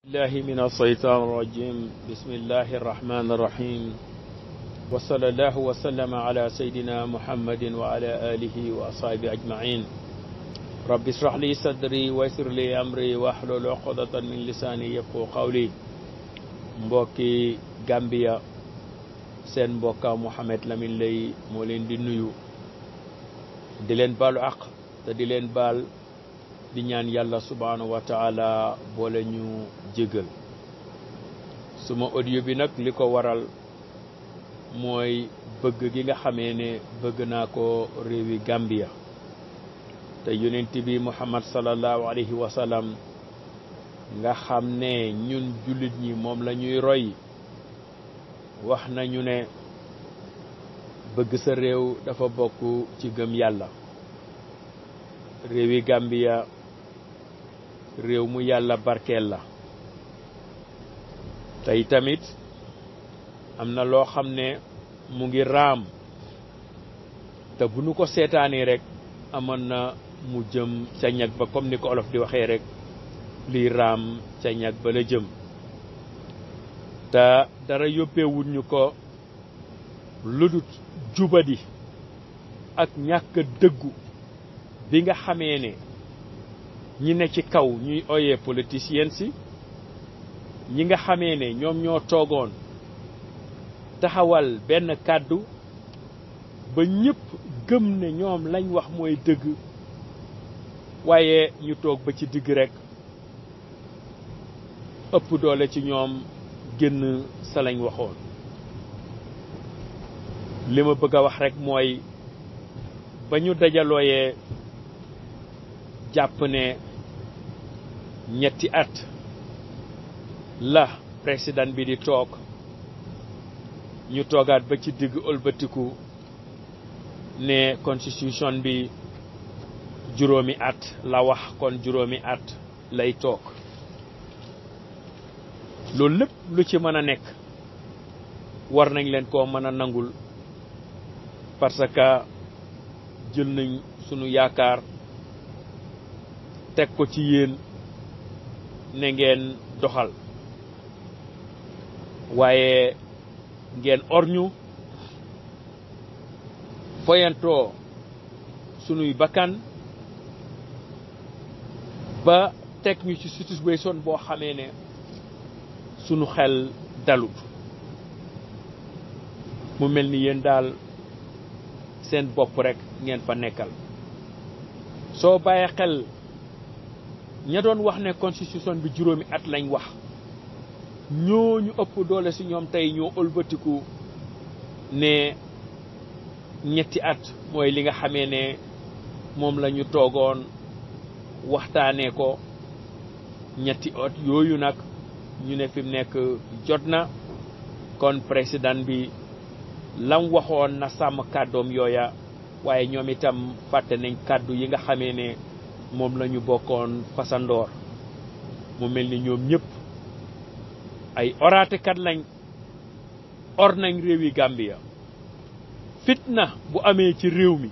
الله من الشيطان الرجيم بسم الله الرحمن الرحيم وصلى الله وسلم على سيدنا محمد وعلى آله وأصحابه أجمعين رب اشرح لي صدري ويسر لي أمري واحلل عقدة من لساني يفقهوا قولي مبوكي غامبيا سين بوكا محمد Lamine لي مولين دي di دي لين leen baalu àq te di di ñaan yàlla subhanahu wa taala boole ñu jégal suma audio bi nag li ko waral mooy bëgg gi nga xamee ne bëgg naa ko réewi gambia te yonent bi muhammad salallahu alayhi wa sallam nga xam ne ñun jullit ñi moom la ñuy roy wax nañu ne bëgg sa réew dafa bokk ci gëm yàlla réewi gambia réew mu yàlla barkeel la tey tamit am na loo xam ne mu ngi raam te bu nu ko seetaanee rekk amoon na mu jëm ca ñag ba comme ni ko olof di waxee rek liy raam ca ñag ba la jëm te dara yóbbeewul ñu ko ludut jubadi ak ñàkk dëggu bi nga xamee ne ñi ne ci kaw ñuy oyee politiciens si ñi nga xamee ne ñoom ñoo toogoon taxawal benn kàddu ba ñépp gëm ne ñoom lañ wax mooy dëgg waaye ñu toog ba ci digg rekk ëpp doole ci ñoom génn sa lañ waxoon li ma bëgg a wax rekk mooy ba ñu dajalooyee jàpp ne ñetti at la président bi di toog ñu toogaat ba ci digg ëlbatiku ne constitution bi juróomi at la wax kon juróomi at lay toog loolu lépp lu ci mën a nekk war nañ leen koo mën a nangul parce que jël nañ sunu yaakaar teg ko ci yéen ne ngeen doxal waaye ngeen orñu foyantoo sunuy bakkan ba teg ñu ci situs boo xamee ne sunu xel dalut mu mel ni yéen daal seen bopp rekk ngeen fa nekkal soo bàyyi xel ña doon wax ne constitution bi juróomi at lañ wax ñu ëpp doole si ñoom tey ñoo ëlbatiku ne ñetti at mooy li nga xamee ne moom lañu toogoon waxtaanee ko ñetti ot yooyu nag ñu ne fi mu nekk jot na kon président bi lam waxoon na sàmm kàddoom yooya waaye ñoom itam fàtte nañ kàddu yi nga xamee ne moom lañu ñu bokkoon fasandoor mu mel ni ñoom ñëpp ay oraatekat lañ or nañ réew yi Gambia fitna bu amee ci réew mi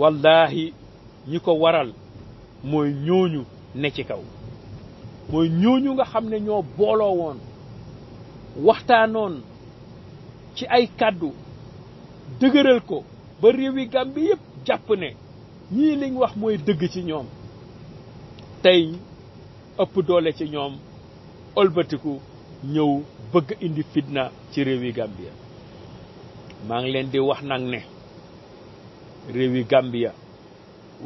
wallahi ñi ko waral mooy ñooñu ne ci kaw mooy ñooñu nga xam ne ñoo booloo woon waxtaanoon ci ay kàddu dëgëral ko ba réew yi Gambie yëpp jàpp ne ñii liñ wax mooy dëgg ci ñoom tey ëpp doole ci ñoom olbatiku ñëw bëgg indi fitna ci réew yi Gambia maa ngi leen di wax nag ne réew réewi Gambia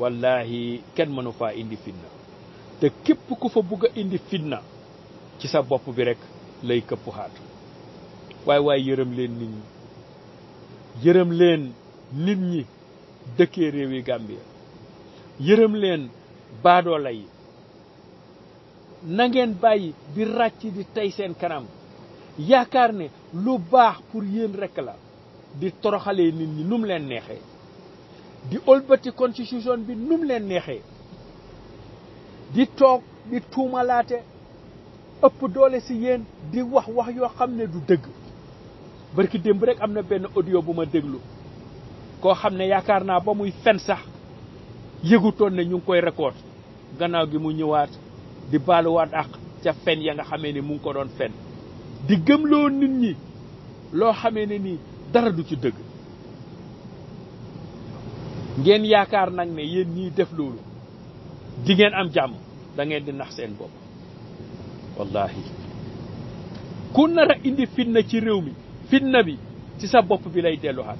wallahi kenn mënu faa indi fitna te képp ku fa bugg indi fitna ci sa bopp bi rek lay këpp xaatu waaye waaye yërëm leen nit ñi yërëm leen nit ñi dëkkee réewi Gambia yërëm leen baadoola yi na ngeen bàyyi di ràcc di tey seen kanam yaakaar ne lu baax pour yéen rekk la di toroxalee nit ñi nu mu leen neexee di ëlbati constitution bi nu leen neexee di toog di tuumalaate ëpp doole si yéen di wax wax yoo xam ne du dëgg barki démb rekk am na benn audio bu ma déglu koo xam ne yaakaar naa ba muy fen sax yëgutoon ne ñu ngi koy récolte gannaaw gi mu ñëwaat di baaluwaat ak ca fen ya nga xamee ni mu ngi ko doon fen di gëm gëmloo nit ñi loo xame ne nii dara du ci dëgg ngeen yaakaar nag ne yéen ñiy def loolu di am jàmm da ngeen di nax seen bopp wallahi ku nar a indi fitna ci réew mi fitna bi ci sa bopp bi lay delluwaat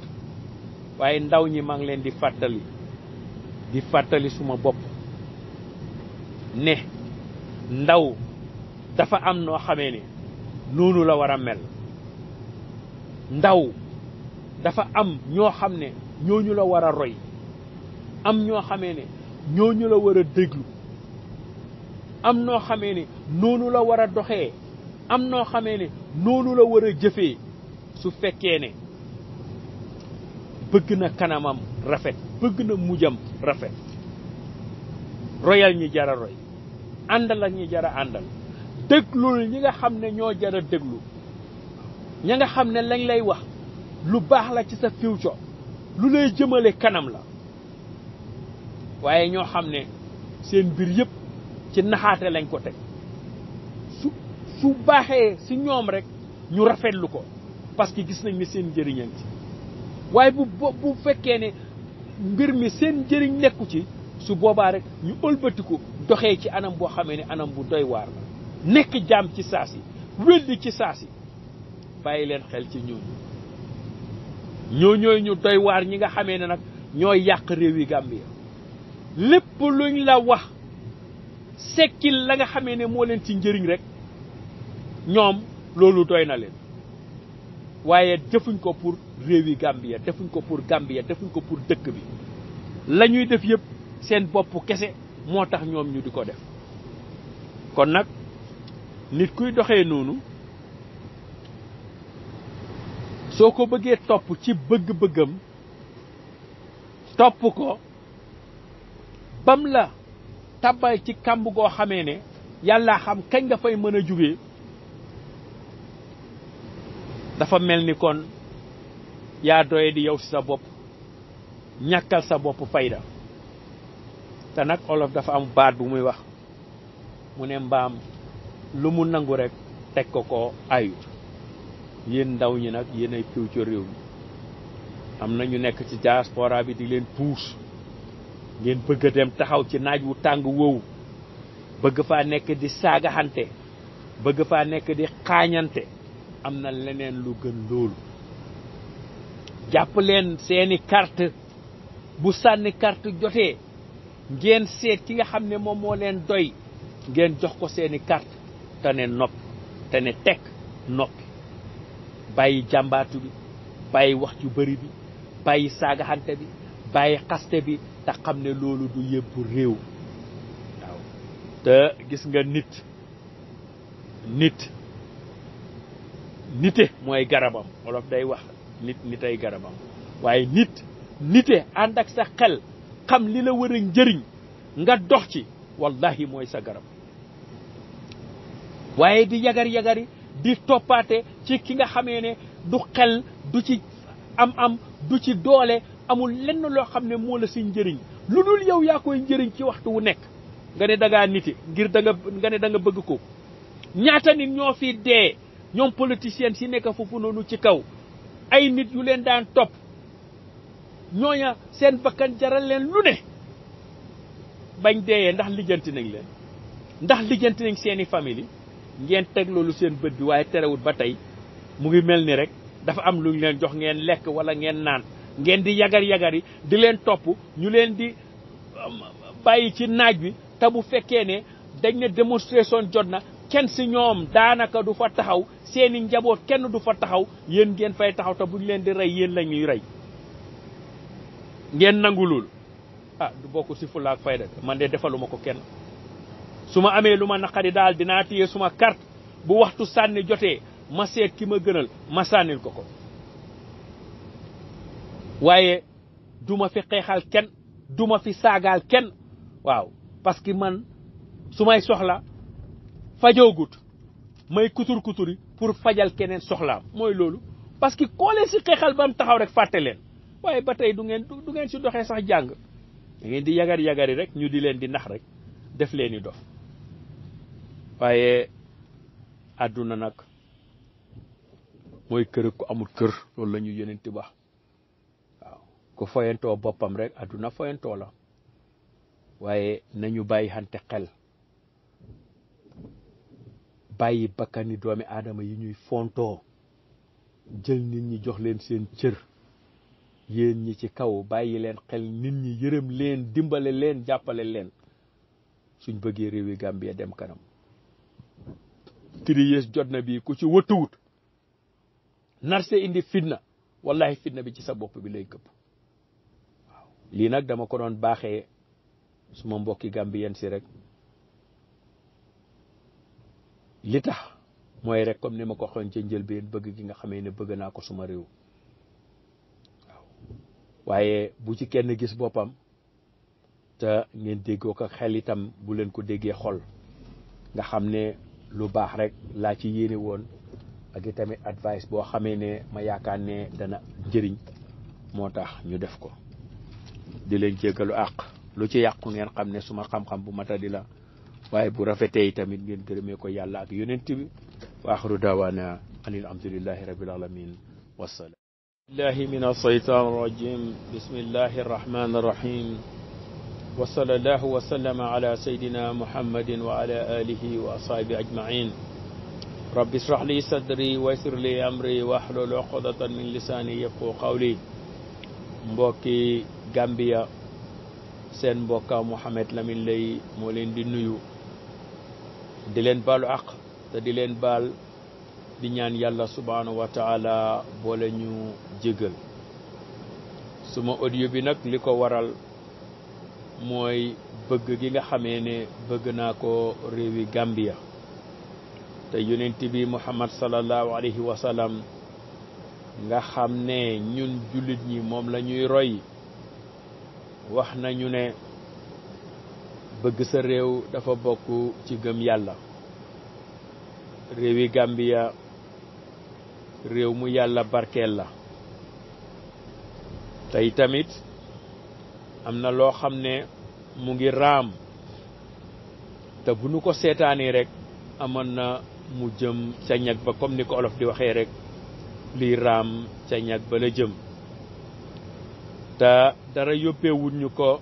waaye ndaw ñi maa ngi leen di fàttali di fàttali suma bopp ne ndaw dafa am noo xamee ne noonu la war a mel ndaw dafa am ñoo xam ne ñoo ñu la war a roy am ñoo xamee ne ñooñu la war a déglu am noo xamee ne noonu la war a doxee am noo xamee ne noonu la war a jëfee su fekkee ne bëgg na kanamam rafet bëgg na mujjam rafet royal ñi jara roy àndal ak ñi jara àndal déglul ñi nga xam ne ñoo jara déglu ña nga xam ne lañ lay wax lu baax la ci sa future lu lay jëmale kanam la waaye ñoo xam ne seen biir yëpp ci naxaate lañ ko teg su su baaxee si ñoom rek ñu rafetlu ko parce que gis nañ ni seen njëriñam ci waaye bu bu fekkee ne mbir mi seen njëriñ nekku ci su boobaa rek ñu ëlbatiku doxee ci anam boo xamee ni anam bu doy waar la nekk jaam ci saa si weddi ci saa si bàyyi leen xel ci ñooñu ñooñooy ñu doy waar ñi nga xamee ne nag ñooy yàq réew yi Gambia lépp luñ la wax sekkil la nga xamee ne moo leen ci njëriñ rek ñoom loolu doy na leen waaye jëfuñ ko pour réewi Gambia defuñ ko pour Gambia defuñ ko pour dëkk bi lañuy def yëpp seen bopp kese moo tax ñoom ñu di ko def kon nag nit kuy doxee noonu soo ko bëggee topp ci bëgg-bëggam topp ko bam la tàbbal ci kàmb goo xamee ne yàlla xam kañ nga fay mën a jóge dafa mel ni kon yaa doye di yow si sa bopp ñàkkal sa bopp fayda te nag olof dafa am baat bu muy wax mu ne mbaam lu mu nangu rek teg ko ko ayu yéen ndaw ñi nag yéen ay piw ci réew mi am na ñu nekk ci diaspora bi di leen puus ngeen bëgg a dem taxaw ci naaj wu tàng woowu bëgg faa nekk di saagaxante bëgg faa nekk di xaañante am na leneen lu gën loolu jàpp leen seeni kart bu sànni kart jotee ngeen seet ki nga xam ne moom moo leen doy ngeen jox ko seeni carte te ne noppi te ne teg noppi bàyyi jàmbaatu bi bàyyi wax ju bari bi bàyyi saagaxante bi bàyyi xaste bi te xam ne loolu du yëbbu réew te gis nga nit nit nite mooy garabam wolof day wax nit nitay garabam waaye nit nite ànd ak sa xel xam li la war a njëriñ nga dox ci wallahi mooy sa garab waaye di yagar yagari di toppaate ci ki nga xamee ne du xel du ci am-am du ci doole amul lenn loo xam ne moo la si njëriñ lu dul yow yaa koy njëriñ ci waxtu wu nekk nga ne da ngaa ngir da nga ne da nga bëgg ko ñaata nit ñoo fi dee ñoom politiciens si nekk foofu noonu ci kaw ay nit yu leen daan topp ñooña seen bakkan jaral leen lu ne bañ deeyee ndax lijjanti nañ leen ndax lijjanti nañ seeni famille ngeen teg loolu seen bët bi waaye terewut ba tey mu ngi mel ni rek dafa am lu ñu leen jox ngeen lekk wala ngeen naan ngeen di yagar yagari di leen topp ñu leen di um, bàyyi ci naaj wi te bu fekkee ne dañ ne démonstration jot na kenn si ñoom daanaka du fa taxaw seeni njaboot kenn du fa taxaw yéen ngeen fay taxaw te bu ñu leen di rey yéen la ñuy rey ngeen nangulul ah du bokk si fulaak fayda man de defaluma ko kenn su ma amee lu ma naqari daal dinaa téye suma kart bu waxtu sànni jotee ma seet ki ma gënal ma sànnil ko ko waaye duma fi xeexal kenn du ma fi saagaal kenn waaw parce man su may soxla fajogut may kutur kuturi pour fajal kenen soxlaam mooy loolu parce que koo leen si xeexal ban taxaw rek fàtte leen waaye ba tey du ngeen du ngeen si doxee sax jàng da di yagar yagari rek ñu di leen di nax rek def leen dof waaye àdduna nag mooy kër ku amul kër loolu la yëneenti ba waaw rek la nañu xel bàyyi bakkani doomi aadama yi ñuy fontoo jël nit ñi jox leen seen cër yéen ñi ci kaw bàyyi leen xel nit ñi yërëm leen dimbale leen jàppale leen suñ bëggee réewi Gambie dem kanam tries jot na bii ku ci wëttuwut narse indi fitna wallahi fitna bi ci sa bopp bi lay këpp waaw lii nag dama ko doon baaxee suma mbokki Gambien si rekk li tax mooy rek comme ni ma ko waxoon ca njëlbeen bëgg gi nga xamee ne bëgg naa ko suma réew waaw waaye bu ci kenn gis boppam te ngeen déggoo ko xel itam bu ko déggee xol nga xam lu baax rek laa ci yéene woon ak advice bo xamee ne ma yaakaar ne dana njëriñ moo tax ñu def ko di leen jéggalu àq lu ci yàqu ngeen xam suma xam-xam bu matadi la waye bu rafété tamit ngeen gërëmé ko yàlla ak yonent bi wa axru dawana anil alhamdulillahi rabbil alamin wasalaam الله من الشيطان الرجيم بسم الله الرحمن الرحيم وصلى الله وسلم على سيدنا محمد وعلى آله وأصحابه أجمعين رب اشرح لي صدري ويسر لي أمري واحلل عقدة من لساني يفقه قولي مبوكي غامبيا سين بوكا محمد لمين لي مولين دي نيو di leen baalu aq te di leen baal di ñaan yàlla subhanahu wa taala boole ñu jégal suma audio bi nag li ko waral mooy bëgg gi nga xamee ne bëgg naa ko réewi gambia te yonent bi muhammad salallahu alayhi wa salam nga xam ne ñun jullit ñi moom la ñuy roy wax nañu ne bëgg sa réew dafa bokk ci gëm yàlla réewi Gambia réew mu yàlla barkeel la tey tamit am na loo xam ne mu ngi raam te bu nu ko seetaani rekk amoon na mu jëm ca ñag ba comme ni ko olof di waxee rek lii raam ca ñag ba la jëm te dara yóbbeewuñ ñu ko